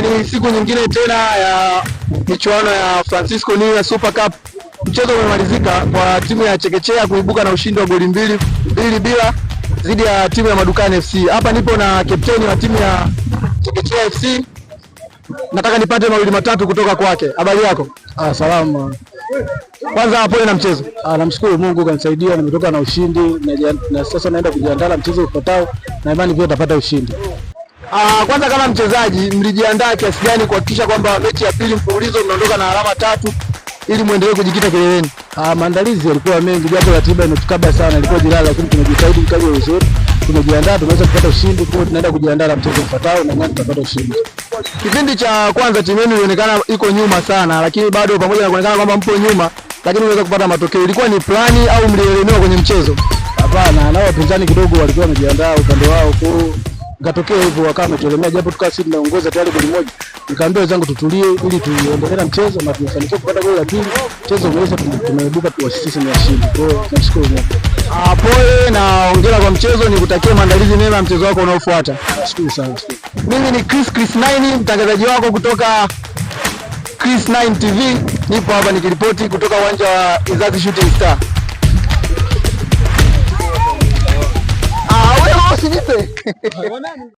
ni siku nyingine tena ya michuano ya Francisco Niya Super Cup. Mchezo umemalizika kwa timu ya Chekechea kuibuka na ushindi wa goli mbili mbili bila dhidi ya timu ya Madukani FC. Hapa nipo na kapteni wa timu ya Chekechea FC, nataka nipate mawili matatu kutoka kwake. Habari yako? Ah, salama. Kwanza pole na mchezo. Ah, namshukuru Mungu kanisaidia, nimetoka na ushindi na, na sasa naenda kujiandaa mchezo ufuatao, na imani pia utapata ushindi. Uh, kwanza kama mchezaji mlijiandaa kiasi gani kuhakikisha kwamba mechi ya pili mfululizo mnaondoka na alama tatu ili muendelee kujikita kileleni? Uh, maandalizi yalikuwa mengi, japo ratiba imetukaba sana, ilikuwa jirani, lakini tumejitahidi kali vizuri, tumejiandaa, tumeweza kupata ushindi, kwa tunaenda kujiandaa na mchezo ufuatao na nani tutapata ushindi. Kipindi cha kwanza timu yenu ilionekana iko nyuma sana, lakini bado pamoja na kuonekana kwamba mpo nyuma, lakini unaweza kupata matokeo. Ilikuwa ni plani au mlielemewa kwenye mchezo? Hapana, nao wapinzani kidogo walikuwa wamejiandaa upande wao kwa Ikatokea hivyo wakawa wametuelemea, japo tukawa sisi tunaongoza tayari goli moja. Nikaambia wenzangu tutulie, ili tuendelee na mchezo na tufanikiwe kupata goli la pili. Mchezo umeisha, tumeibuka tu sisi ni washindi. Kwa hiyo tunashukuru Mungu. Ah, pole na hongera kwa mchezo, nikutakia maandalizi mema ya mchezo wako unaofuata. Shukrani sana. Mimi ni Chris Chris 9 mtangazaji wako kutoka Chris 9 TV, nipo hapa nikiripoti kutoka uwanja wa Izzat Shooting Star. sí